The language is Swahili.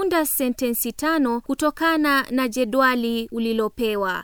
unda sentensi tano kutokana na jedwali ulilopewa.